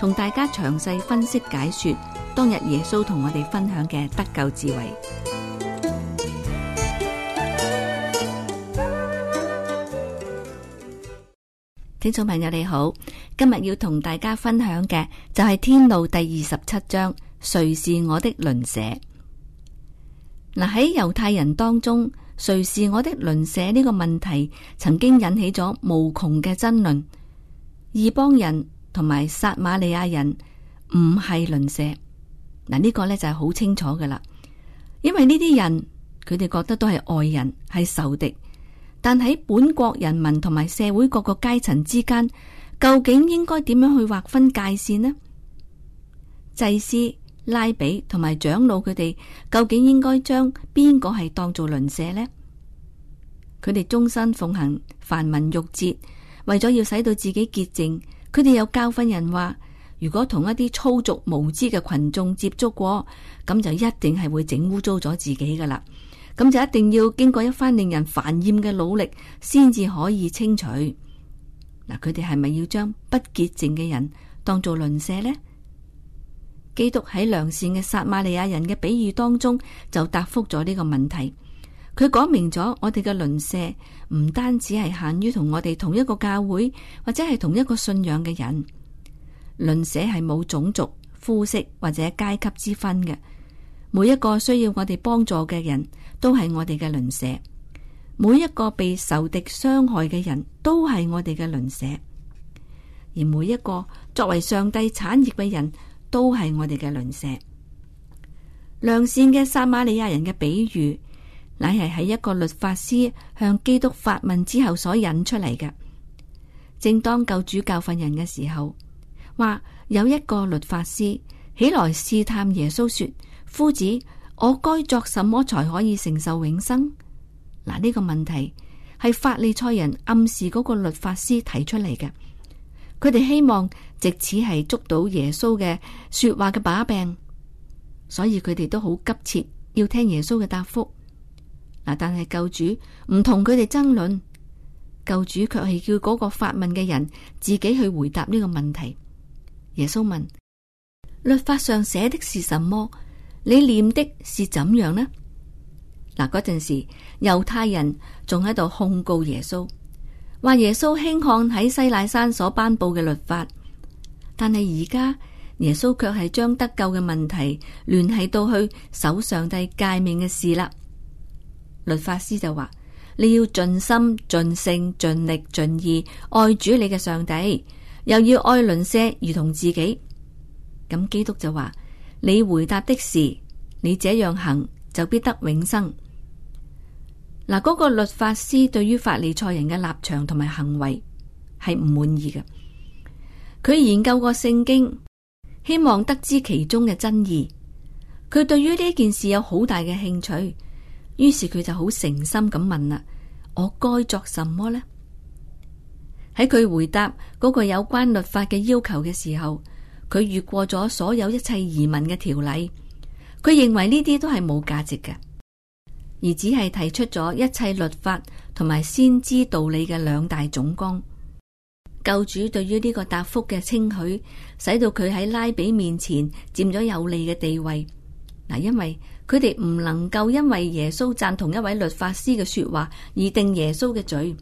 同大家詳細分析解說當日耶穌同我哋分享嘅得救智慧。聽眾朋友你好，今日要同大家分享嘅就係天路第二十七章，誰是我的鄰舍？嗱喺猶太人當中，誰是我的鄰舍呢個問題，曾經引起咗無窮嘅爭論，異邦人。同埋撒瑪利亞人唔係鄰舍，嗱、這、呢個咧就係好清楚噶啦。因為呢啲人佢哋覺得都係外人，係仇敵。但喺本國人民同埋社會各個階層之間，究竟應該點樣去劃分界線呢？祭司、拉比同埋長老佢哋究竟應該將邊個係當做鄰舍呢？佢哋終身奉行繁文縟節，為咗要使到自己潔淨。佢哋有教訓人話：如果同一啲粗俗無知嘅群眾接觸過，咁就一定係會整污糟咗自己噶啦。咁就一定要經過一番令人煩厭嘅努力，先至可以清除。嗱，佢哋係咪要將不潔淨嘅人當做鄰舍呢？基督喺良善嘅撒瑪利亞人嘅比喻當中，就答覆咗呢個問題。佢講明咗，我哋嘅鄰舍唔單止係限於同我哋同一個教會或者係同一個信仰嘅人，鄰舍係冇種族、膚色或者階級之分嘅。每一個需要我哋幫助嘅人都係我哋嘅鄰舍，每一個被仇敵傷害嘅人都係我哋嘅鄰舍，而每一個作為上帝產業嘅人都係我哋嘅鄰舍。良善嘅撒瑪利亞人嘅比喻，乃係喺一個律法師向基督發問之後所引出嚟嘅。正當救主教訓人嘅時候，話有一個律法師起來試探耶穌，說：夫子，我該作什麼才可以承受永生？嗱，呢個問題係法利賽人暗示嗰個律法師提出嚟嘅。佢哋希望藉此係捉到耶穌嘅說話嘅把柄，所以佢哋都好急切要聽耶穌嘅答覆嗱，但係救主唔同佢哋爭論，救主卻係叫嗰個發問嘅人自己去回答呢個問題。耶穌問：律法上寫的是什麼？你念的是怎樣呢？嗱，嗰陣時猶太人仲喺度控告耶穌，話耶穌輕看喺西奈山所頒布嘅律法，但係而家耶穌卻係將得救嘅問題聯繫到去守上帝誡命嘅事啦。律法師就話：你要盡心、盡性、盡力、盡意愛主你嘅上帝，又要愛鄰舍如同自己。咁基督就話：你回答的是，你這樣行就必得永生。嗱，嗰個律法師對於法利賽人嘅立場同埋行為係唔滿意嘅。佢研究過聖經，希望得知其中嘅真義。佢對於呢件事有好大嘅興趣。於是佢就好誠心咁問啦，「我該作什麼呢？」喺佢回答嗰個有關律法嘅要求嘅時候，佢越過咗所有一切移民嘅條例，佢認為呢啲都係冇價值嘅，而只係提出咗一切律法同埋先知道理嘅兩大總綱。救主對於呢個答覆嘅稱許，使到佢喺拉比面前佔咗有利嘅地位。嗱，因為。佢哋唔能夠因為耶穌贊同一位律法師嘅說話而定耶穌嘅罪。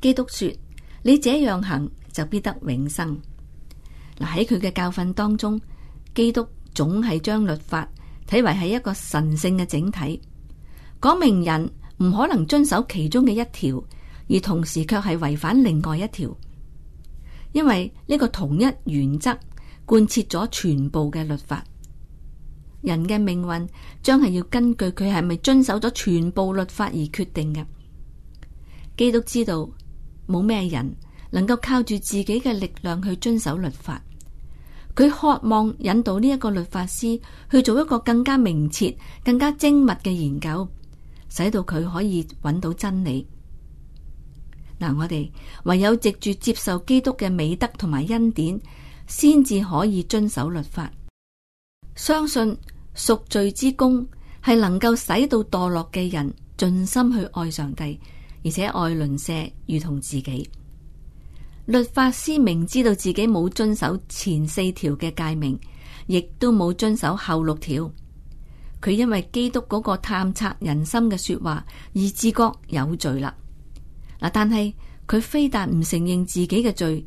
基督說：你這樣行就必得永生。嗱，喺佢嘅教訓當中，基督總係將律法睇為係一個神聖嘅整體，講明人唔可能遵守其中嘅一條，而同時卻係違反另外一條，因為呢個同一原則貫徹咗全部嘅律法。人嘅命運將係要根據佢係咪遵守咗全部律法而決定嘅。基督知道冇咩人能夠靠住自己嘅力量去遵守律法。佢渴望引導呢一個律法師去做一個更加明切、更加精密嘅研究，使到佢可以揾到真理。嗱，我哋唯有藉住接受基督嘅美德同埋恩典，先至可以遵守律法。相信。贖罪之功係能夠使到墮落嘅人盡心去愛上帝，而且愛鄰舍如同自己。律法師明知道自己冇遵守前四條嘅誡命，亦都冇遵守後六條，佢因為基督嗰個探測人心嘅說話而自覺有罪啦。嗱，但係佢非但唔承認自己嘅罪，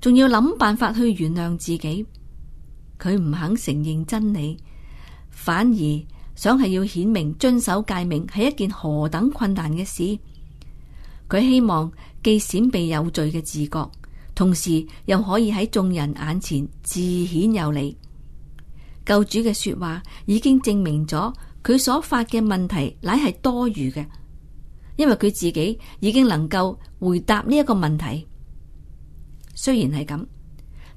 仲要諗辦法去原諒自己，佢唔肯承認真理。反而想係要顯明遵守誡命係一件何等困難嘅事。佢希望既閃避有罪嘅自覺，同時又可以喺眾人眼前自顯有理。救主嘅說話已經證明咗佢所發嘅問題乃係多餘嘅，因為佢自己已經能夠回答呢一個問題。雖然係咁，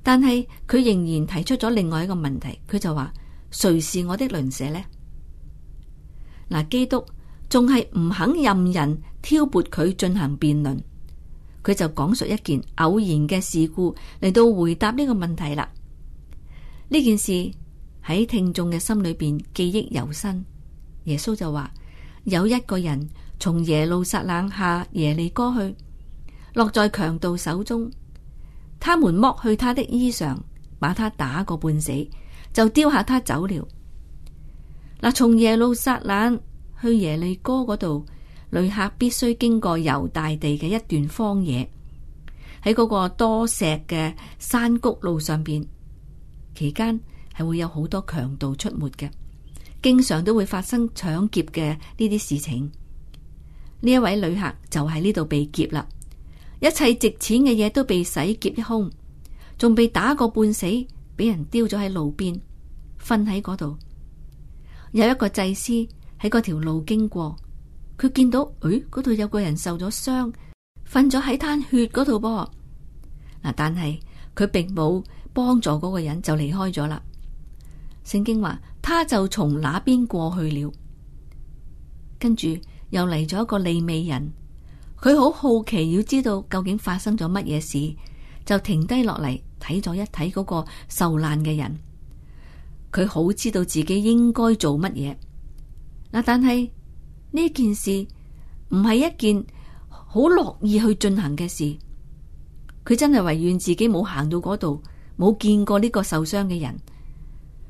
但係佢仍然提出咗另外一個問題，佢就話。誰是我的鄰舍呢？嗱，基督仲係唔肯任人挑撥佢進行辯論，佢就講述一件偶然嘅事故嚟到回答呢個問題啦。呢件事喺聽眾嘅心裏邊記憶猶新。耶穌就話：有一個人從耶路撒冷下耶利哥去，落在強盜手中，他們剝去他的衣裳，把他打個半死。就丟下他走了。嗱，從耶路撒冷去耶利哥嗰度，旅客必須經過猶大地嘅一段荒野，喺嗰個多石嘅山谷路上邊，期間係會有好多強盜出沒嘅，經常都會發生搶劫嘅呢啲事情。呢一位旅客就喺呢度被劫啦，一切值錢嘅嘢都被洗劫一空，仲被打過半死。俾人丟咗喺路邊，瞓喺嗰度。有一個祭司喺嗰條路經過，佢見到誒，嗰度有個人受咗傷，瞓咗喺灘血嗰度噃。嗱，但係佢並冇幫助嗰個人，就離開咗啦。聖經話，他就從那邊過去了。跟住又嚟咗一個利未人，佢好好奇要知道究竟發生咗乜嘢事，就停低落嚟。睇咗一睇嗰個受難嘅人，佢好知道自己應該做乜嘢。嗱，但係呢件事唔係一件好樂意去進行嘅事，佢真係唯願自己冇行到嗰度，冇見過呢個受傷嘅人。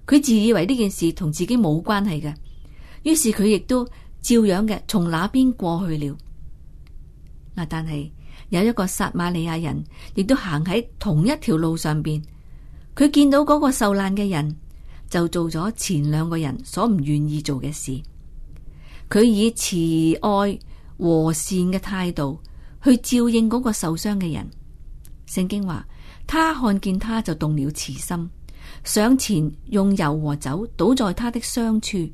佢自以為呢件事同自己冇關係嘅，於是佢亦都照樣嘅從那邊過去了。但係有一個撒瑪利亞人，亦都行喺同一條路上邊，佢見到嗰個受難嘅人，就做咗前兩個人所唔願意做嘅事。佢以慈愛和善嘅態度去照應嗰個受傷嘅人。聖經話：他看見他就動了慈心，上前用油和酒倒在他的傷處，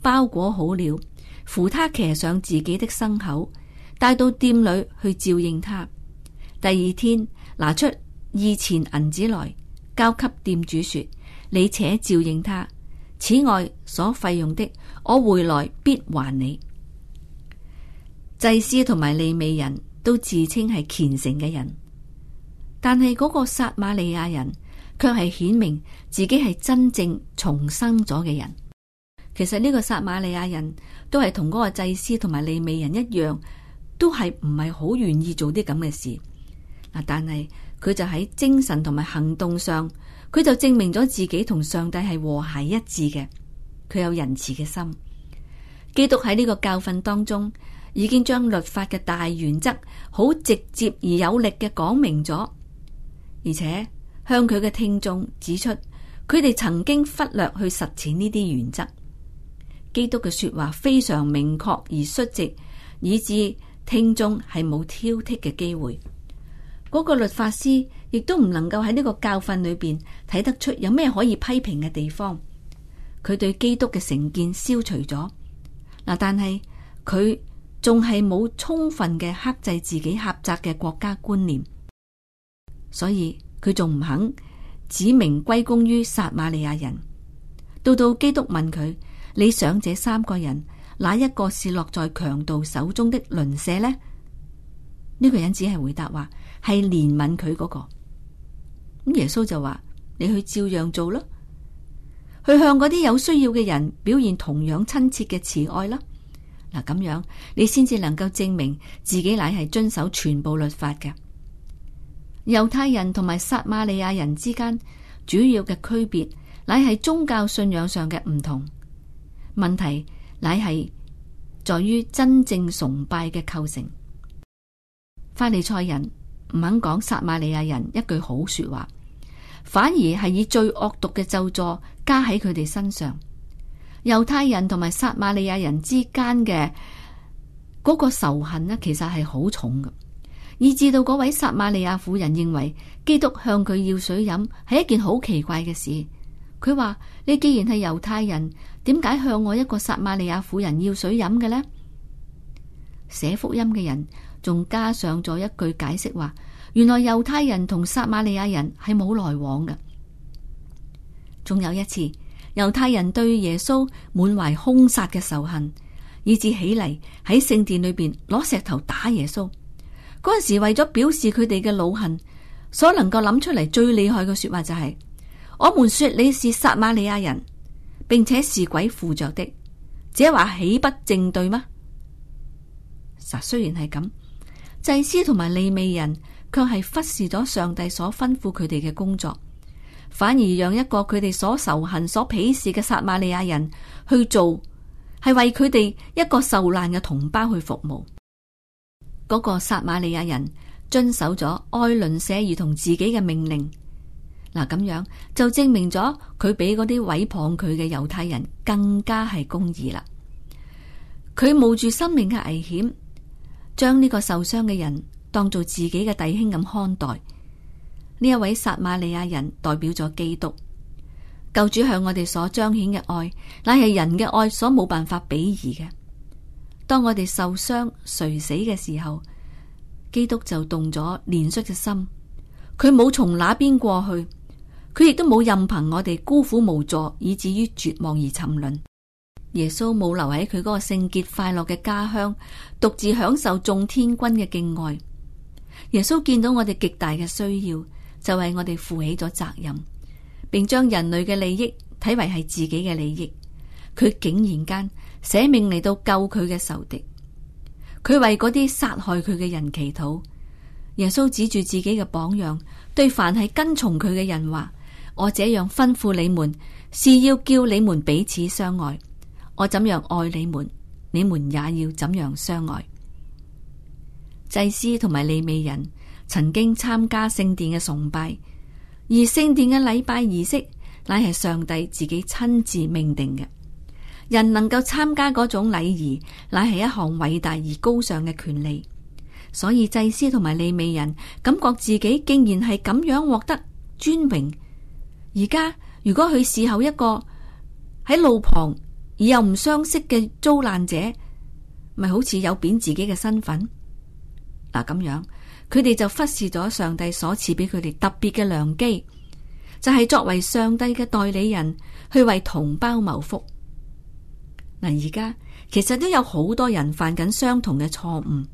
包裹好了，扶他騎上自己的牲口。帶到店裏去照應他。第二天拿出二錢銀子來，交給店主說：你且照應他，此外所費用的，我回來必還你。祭司同埋利未人都自稱係虔誠嘅人，但係嗰個撒瑪利亞人卻係顯明自己係真正重生咗嘅人。其實呢個撒瑪利亞人都係同嗰個祭司同埋利未人一樣。都係唔係好願意做啲咁嘅事嗱，但係佢就喺精神同埋行動上，佢就證明咗自己同上帝係和諧一致嘅。佢有仁慈嘅心，基督喺呢個教訓當中已經將律法嘅大原則好直接而有力嘅講明咗，而且向佢嘅聽眾指出，佢哋曾經忽略去實踐呢啲原則。基督嘅說話非常明確而率直，以致。聽眾係冇挑剔嘅機會，嗰、那個律法師亦都唔能夠喺呢個教訓裏邊睇得出有咩可以批評嘅地方。佢對基督嘅成見消除咗嗱，但係佢仲係冇充分嘅克制自己狹窄嘅國家觀念，所以佢仲唔肯指名歸功於撒瑪利亞人。到到基督問佢：你想這三個人？哪一個是落在強盜手中的鄰舍呢？呢個人只係回答話：係憐憫佢嗰個。咁耶穌就話：你去照樣做咯，去向嗰啲有需要嘅人表現同樣親切嘅慈愛啦。嗱，咁樣你先至能夠證明自己乃係遵守全部律法嘅。猶太人同埋撒瑪利亞人之間主要嘅區別，乃係宗教信仰上嘅唔同問題。乃係在於真正崇拜嘅構成。法利賽人唔肯講撒瑪利亞人一句好說話，反而係以最惡毒嘅咒詛加喺佢哋身上。猶太人同埋撒瑪利亞人之間嘅嗰個仇恨呢，其實係好重嘅，以至到嗰位撒瑪利亞婦人認為基督向佢要水飲係一件好奇怪嘅事。佢話：你既然係猶太人，點解向我一個撒瑪利亞婦人要水飲嘅呢？寫福音嘅人仲加上咗一句解釋話：原來猶太人同撒瑪利亞人係冇來往嘅。仲有一次，猶太人對耶穌滿懷兇殺嘅仇恨，以致起嚟喺聖殿裏邊攞石頭打耶穌。嗰陣時為咗表示佢哋嘅老恨，所能夠諗出嚟最厲害嘅說話就係、是。我們說你是撒瑪利亞人，並且是鬼附着的，這話豈不正對嗎？但雖然係咁，祭司同埋利未人卻係忽視咗上帝所吩咐佢哋嘅工作，反而讓一個佢哋所仇恨、所鄙視嘅撒瑪利亞人去做，係為佢哋一個受難嘅同胞去服務。嗰、那個撒瑪利亞人遵守咗愛鄰舍如同自己嘅命令。嗱，咁樣就證明咗佢比嗰啲毀謗佢嘅猶太人更加係公義啦。佢冒住生命嘅危險，將呢個受傷嘅人當做自己嘅弟兄咁看待。呢一位撒瑪利亞人代表咗基督，救主向我哋所彰顯嘅愛，乃係人嘅愛所冇辦法比擬嘅。當我哋受傷、垂死嘅時候，基督就動咗憐恤嘅心，佢冇從那邊過去。佢亦都冇任憑我哋孤苦無助，以至於絕望而沉淪。耶穌冇留喺佢嗰個聖潔快樂嘅家鄉，獨自享受眾天君嘅敬愛。耶穌見到我哋極大嘅需要，就為我哋負起咗責任，並將人類嘅利益睇為係自己嘅利益。佢竟然間捨命嚟到救佢嘅仇敵，佢為嗰啲殺害佢嘅人祈禱。耶穌指住自己嘅榜樣，對凡係跟從佢嘅人話。我這樣吩咐你們，是要叫你們彼此相愛。我怎樣愛你們，你們也要怎樣相愛。祭司同埋利未人曾經參加聖殿嘅崇拜，而聖殿嘅禮拜儀式乃係上帝自己親自命定嘅。人能夠參加嗰種禮儀，乃係一項偉大而高尚嘅權利。所以祭司同埋利未人感覺自己竟然係咁樣獲得尊榮。而家如果去伺候一個喺路旁而又唔相識嘅遭難者，咪好似有貶自己嘅身份嗱？咁樣佢哋就忽視咗上帝所賜俾佢哋特別嘅良機，就係作為上帝嘅代理人去為同胞謀福嗱。而家其實都有好多人犯緊相同嘅錯誤，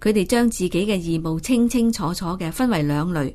佢哋將自己嘅義務清清楚楚嘅分為兩類。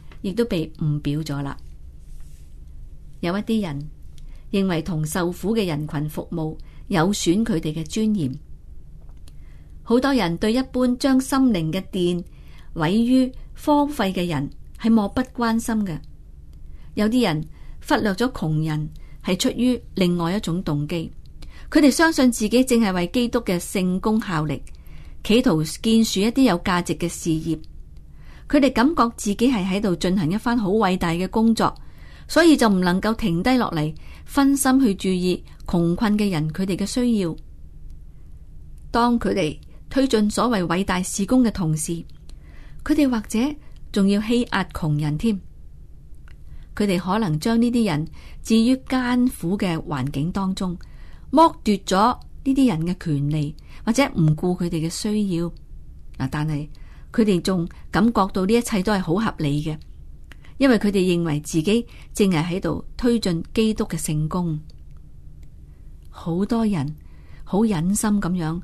亦都被誤表咗啦。有一啲人認為同受苦嘅人群服務有損佢哋嘅尊嚴。好多人對一般將心靈嘅電毀於荒廢嘅人係漠不關心嘅。有啲人忽略咗窮人係出於另外一種動機。佢哋相信自己正係為基督嘅聖功效力，企圖建樹一啲有價值嘅事業。佢哋感覺自己係喺度進行一番好偉大嘅工作，所以就唔能夠停低落嚟分心去注意窮困嘅人佢哋嘅需要。當佢哋推進所謂偉大事工嘅同時，佢哋或者仲要欺壓窮人添。佢哋可能將呢啲人置於艱苦嘅環境當中，剝奪咗呢啲人嘅權利，或者唔顧佢哋嘅需要。嗱，但係。佢哋仲感覺到呢一切都係好合理嘅，因為佢哋認為自己正係喺度推進基督嘅成功。好多人好忍心咁樣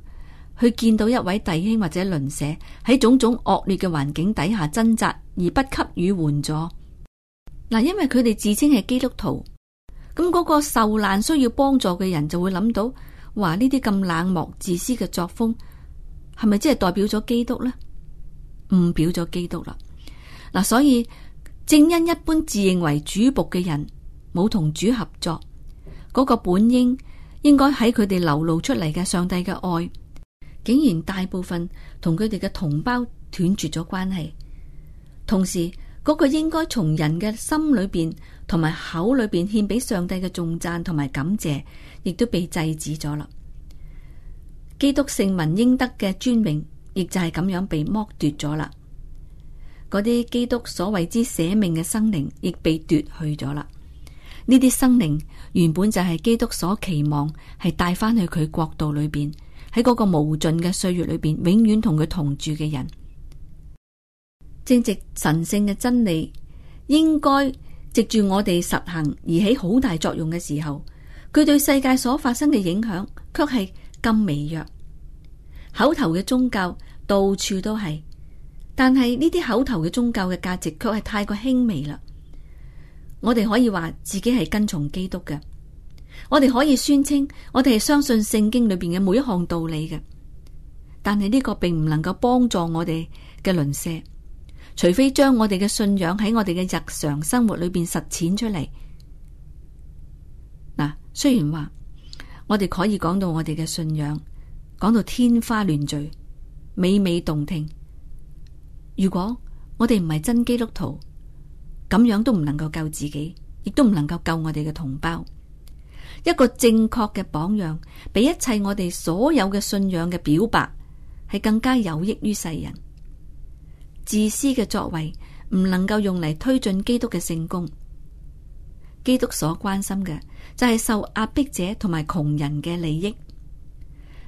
去見到一位弟兄或者鄰舍喺種種惡劣嘅環境底下掙扎，而不給予援助嗱。因為佢哋自稱係基督徒，咁嗰個受難需要幫助嘅人就會諗到，話「呢啲咁冷漠自私嘅作風係咪真係代表咗基督呢？」誤表咗基督啦，嗱、啊，所以正因一般自認為主僕嘅人冇同主合作，嗰、那個本應應該喺佢哋流露出嚟，嘅上帝嘅愛，竟然大部分同佢哋嘅同胞斷絕咗關係，同時嗰、那個應該從人嘅心裏邊同埋口裏邊獻俾上帝嘅重讚同埋感謝，亦都被制止咗啦。基督聖民應得嘅尊榮。亦就係咁樣被剝奪咗啦，嗰啲基督所謂之捨命嘅生靈亦被奪去咗啦。呢啲生靈原本就係基督所期望係帶翻去佢國度裏邊，喺嗰個無盡嘅歲月裏邊，永遠同佢同住嘅人。正值神聖嘅真理應該藉住我哋實行而起好大作用嘅時候，佢對世界所發生嘅影響卻係咁微弱。口頭嘅宗教。到處都係，但係呢啲口頭嘅宗教嘅價值，卻係太過輕微啦。我哋可以話自己係跟從基督嘅，我哋可以宣稱我哋係相信聖經裏邊嘅每一項道理嘅，但係呢個並唔能夠幫助我哋嘅鄰舍，除非將我哋嘅信仰喺我哋嘅日常生活裏邊實踐出嚟嗱。雖然話我哋可以講到我哋嘅信仰講到天花亂墜。美美動聽。如果我哋唔係真基督徒，咁樣都唔能夠救自己，亦都唔能夠救我哋嘅同胞。一個正確嘅榜樣，比一切我哋所有嘅信仰嘅表白，係更加有益於世人。自私嘅作為，唔能夠用嚟推進基督嘅聖功。基督所關心嘅，就係受壓迫者同埋窮人嘅利益。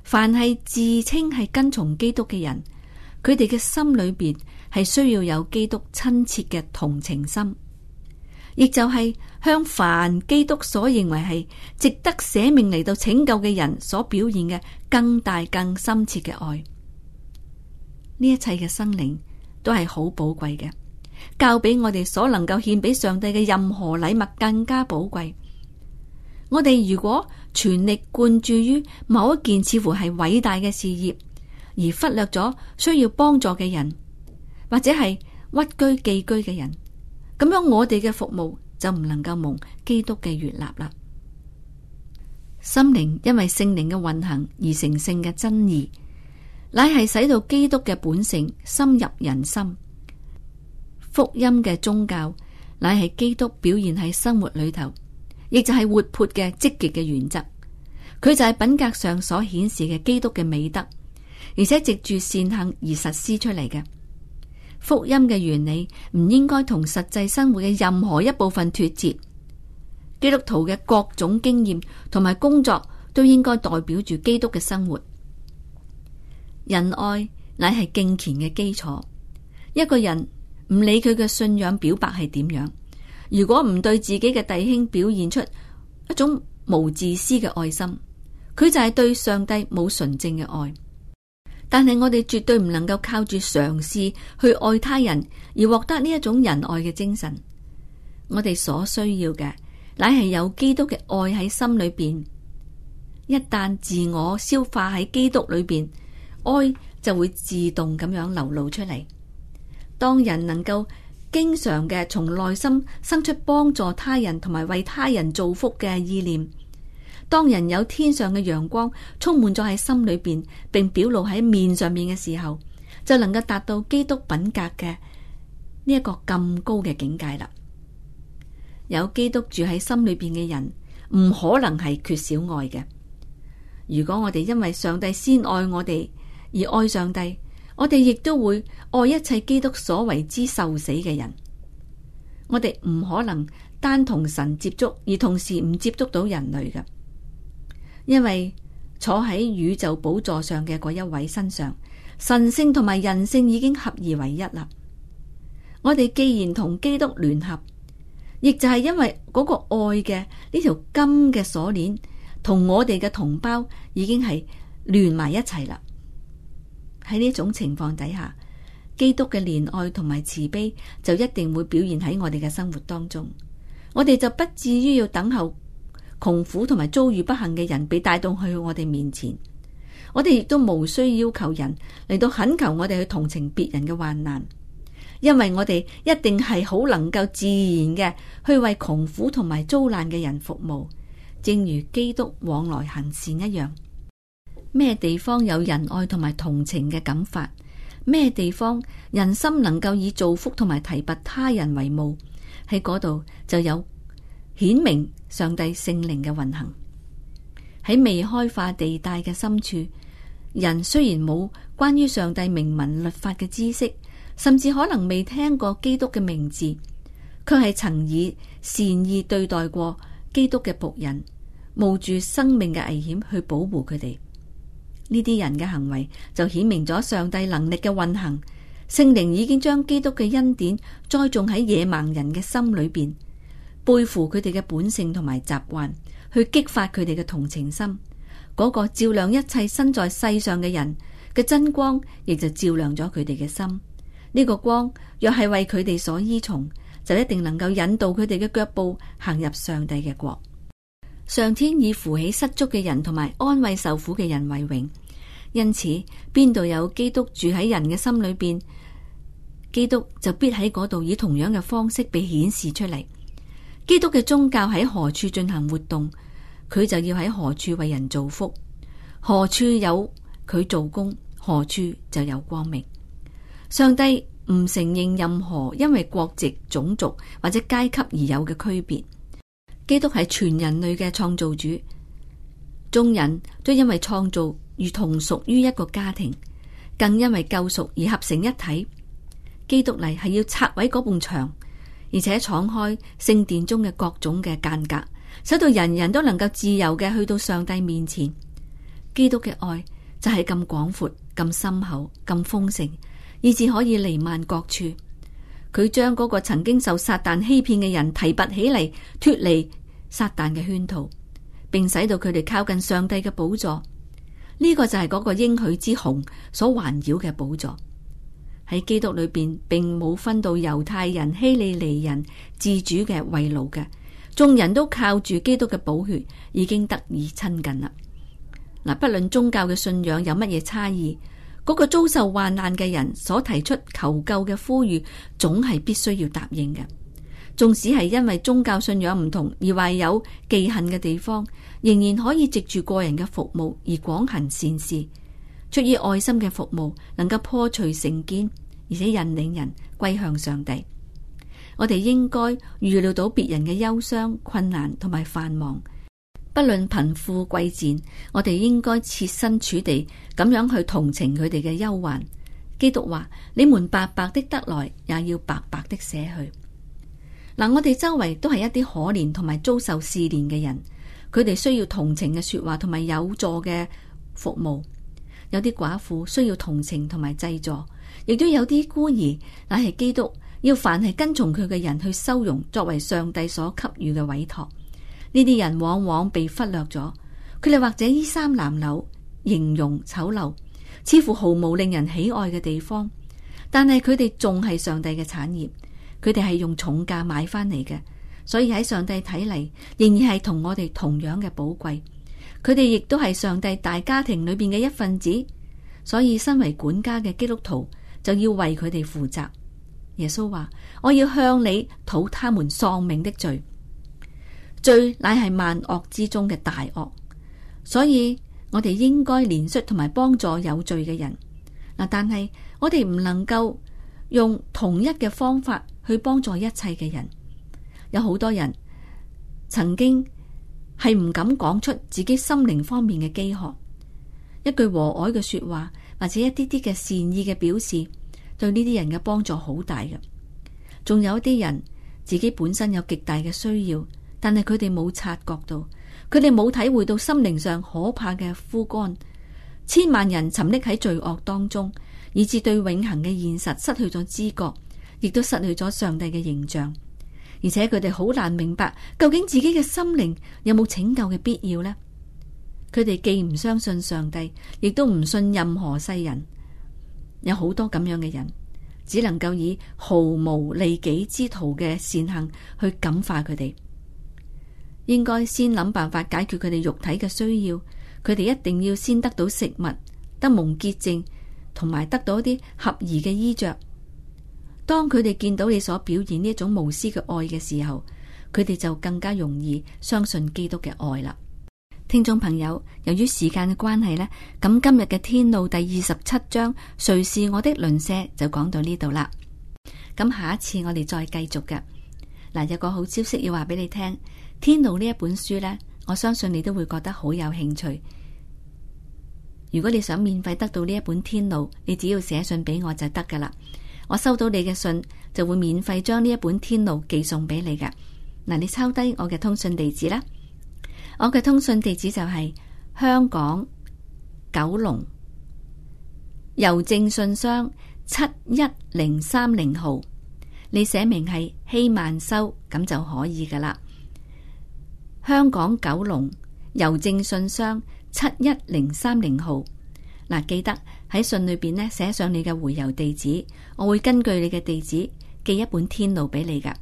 凡係自稱係跟從基督嘅人，佢哋嘅心裏邊係需要有基督親切嘅同情心，亦就係向凡基督所認為係值得捨命嚟到拯救嘅人所表現嘅更大更深切嘅愛。呢一切嘅生靈都係好寶貴嘅，較比我哋所能夠獻俾上帝嘅任何禮物更加寶貴。我哋如果，全力灌注於某一件似乎是偉大的事業，而忽略了需要幫助的人，或者是屈居寄居的人。這樣我們的服務就不能夠蒙基督的悅納了。心靈，因為聖靈的運行，而成聖的真義，乃是使到基督的本性，深入人心。福音的宗教乃是基督表現在生活裏頭。亦就係活潑嘅積極嘅原則，佢就係品格上所顯示嘅基督嘅美德，而且藉住善行而實施出嚟嘅。福音嘅原理唔應該同實際生活嘅任何一部分脫節。基督徒嘅各種經驗同埋工作都應該代表住基督嘅生活。仁愛乃係敬虔嘅基礎。一個人唔理佢嘅信仰表白係點樣。如果唔對自己嘅弟兄表現出一種無自私嘅愛心，佢就係對上帝冇純正嘅愛。但係我哋絕對唔能夠靠住嘗試去愛他人而獲得呢一種仁愛嘅精神。我哋所需要嘅，乃係有基督嘅愛喺心裏邊。一旦自我消化喺基督裏邊，愛就會自動咁樣流露出嚟。當人能夠。經常嘅從內心生出幫助他人同埋為他人造福嘅意念，當人有天上嘅陽光充滿咗喺心裏邊，並表露喺面上面嘅時候，就能夠達到基督品格嘅呢一個咁高嘅境界啦。有基督住喺心裏邊嘅人，唔可能係缺少愛嘅。如果我哋因為上帝先愛我哋，而愛上帝。我哋亦都會愛一切基督所為之受死嘅人。我哋唔可能單同神接觸，而同時唔接觸到人類嘅，因為坐喺宇宙寶座上嘅嗰一位身上，神性同埋人性已經合二為一啦。我哋既然同基督聯合，亦就係因為嗰個愛嘅呢條金嘅鎖鏈，同我哋嘅同胞已經係連埋一齊啦。喺呢種情況底下，基督嘅憐愛同埋慈悲就一定會表現喺我哋嘅生活當中，我哋就不至於要等候窮苦同埋遭遇不幸嘅人被帶到去我哋面前，我哋亦都無需要求人嚟到懇求我哋去同情別人嘅患難，因為我哋一定係好能夠自然嘅去為窮苦同埋遭難嘅人服務，正如基督往來行善一樣。咩地方有仁愛同埋同情嘅感發？咩地方人心能夠以造福同埋提拔他人為務？喺嗰度就有顯明上帝聖靈嘅運行。喺未開化地帶嘅深處，人雖然冇關於上帝明文律法嘅知識，甚至可能未聽過基督嘅名字，卻係曾以善意對待過基督嘅僕人，冒住生命嘅危險去保護佢哋。呢啲人嘅行為就顯明咗上帝能力嘅運行，聖靈已經將基督嘅恩典栽種喺野蠻人嘅心裏邊，背負佢哋嘅本性同埋習慣，去激發佢哋嘅同情心。嗰個照亮一切身在世上嘅人嘅真光，亦就照亮咗佢哋嘅心。呢個光若係為佢哋所依從，就一定能夠引導佢哋嘅腳步行入上帝嘅國。上天以扶起失足嘅人同埋安慰受苦嘅人為榮，因此邊度有基督住喺人嘅心裏邊，基督就必喺嗰度以同樣嘅方式被顯示出嚟。基督嘅宗教喺何處進行活動，佢就要喺何處為人造福，何處有佢做工，何處就有光明。上帝唔承認任何因為國籍、種族或者階級而有嘅區別。基督係全人類嘅創造主，眾人都因為創造而同屬於一個家庭，更因為救贖而合成一體。基督嚟係要拆毀嗰埲牆，而且敞開聖殿中嘅各種嘅間隔，使到人人都能夠自由嘅去到上帝面前。基督嘅愛就係咁廣闊、咁深厚、咁豐盛，以致可以彌漫各處。佢將嗰個曾經受撒旦欺騙嘅人提拔起嚟，脫離，撒旦嘅圈套，並使到佢哋靠近上帝嘅寶座。呢、這個就係嗰個應許之虹所環繞嘅寶座。喺基督裏邊，並冇分到猶太人、希利尼人、自主嘅、為奴嘅。眾人都靠住基督嘅寶血，已經得以親近啦。嗱，不論宗教嘅信仰有乜嘢差異，嗰、那個遭受患難嘅人所提出求救嘅呼籲，總係必須要答應嘅。縱使係因為宗教信仰唔同而懷有忌恨嘅地方，仍然可以藉住個人嘅服務而廣行善事。出於愛心嘅服務，能夠破除成見，而且引領人歸向上帝。我哋應該預料到別人嘅憂傷、困難同埋繁忙，不論貧富貴賤，我哋應該設身處地咁樣去同情佢哋嘅憂患。基督話：你們白白的得來，也要白白的捨去。嗱、啊，我哋周圍都係一啲可憐同埋遭受試煉嘅人，佢哋需要同情嘅說話同埋有助嘅服務。有啲寡婦需要同情同埋制助，亦都有啲孤兒。乃係基督要凡係跟從佢嘅人去收容，作為上帝所給予嘅委託。呢啲人往往被忽略咗，佢哋或者衣衫襤褸、形容醜陋，似乎毫無令人喜愛嘅地方，但係佢哋仲係上帝嘅產業。佢哋係用重價買翻嚟嘅，所以喺上帝睇嚟仍然係同我哋同樣嘅寶貴。佢哋亦都係上帝大家庭裏邊嘅一份子，所以身為管家嘅基督徒就要為佢哋負責。耶穌話：我要向你討他們喪命的罪，罪乃係萬惡之中嘅大惡，所以我哋應該憐恤同埋幫助有罪嘅人嗱。但係我哋唔能夠用同一嘅方法。去幫助一切嘅人，有好多人曾經係唔敢講出自己心靈方面嘅飢渴，一句和藹嘅說話或者一啲啲嘅善意嘅表示，對呢啲人嘅幫助好大嘅。仲有啲人自己本身有極大嘅需要，但係佢哋冇察覺到，佢哋冇體會到心靈上可怕嘅枯乾。千萬人沉溺喺罪惡當中，以致對永恆嘅現實失去咗知覺。亦都失去咗上帝嘅形象，而且佢哋好難明白究竟自己嘅心靈有冇拯救嘅必要呢？佢哋既唔相信上帝，亦都唔信任何世人。有好多咁樣嘅人，只能夠以毫無利己之徒嘅善行去感化佢哋。應該先諗辦法解決佢哋肉體嘅需要，佢哋一定要先得到食物、得蒙潔淨，同埋得到一啲合宜嘅衣着。當佢哋見到你所表現呢一種無私嘅愛嘅時候，佢哋就更加容易相信基督嘅愛啦。聽眾朋友，由於時間嘅關係呢，咁今日嘅《天路》第二十七章誰是我的鄰舍就講到呢度啦。咁下一次我哋再繼續嘅嗱，有個好消息要話俾你聽，《天路》呢一本書呢，我相信你都會覺得好有興趣。如果你想免費得到呢一本《天路》，你只要寫信俾我就得噶啦。我收到你嘅信，就會免費將呢一本《天路》寄送俾你嘅。嗱，你抄低我嘅通訊地址啦。我嘅通訊地址就係香港九龍郵政信箱七一零三零號。你寫明係希曼修，咁就可以噶啦。香港九龍郵政信箱七一零三零號。嗱，記得喺信裏邊呢，寫上你嘅回郵地址。我會根據你嘅地址寄一本天路畀你噶，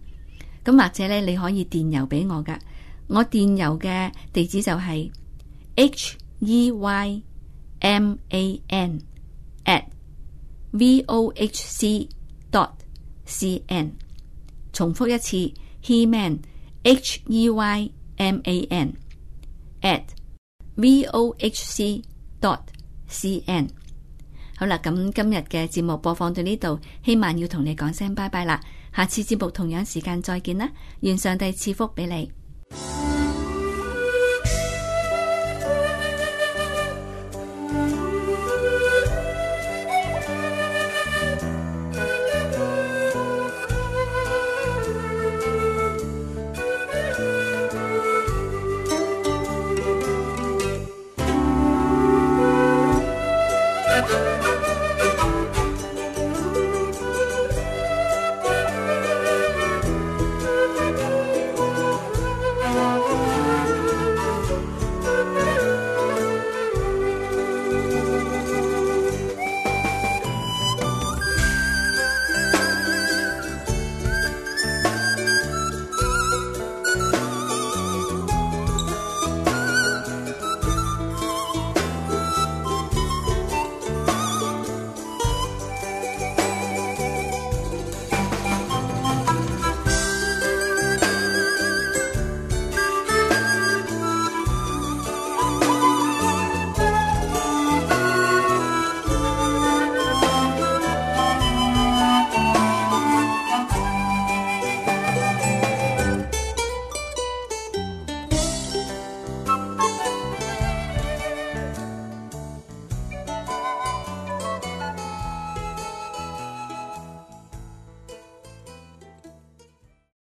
咁或者呢你可以電郵畀我噶，我電郵嘅地址就係 h e y m a n at v o h c dot c n，重複一次 he man h e y m a n at v o h c dot c n。好啦，咁今日嘅節目播放到呢度，希望要同你講聲拜拜啦。下次節目同樣時間再見啦，願上帝賜福俾你。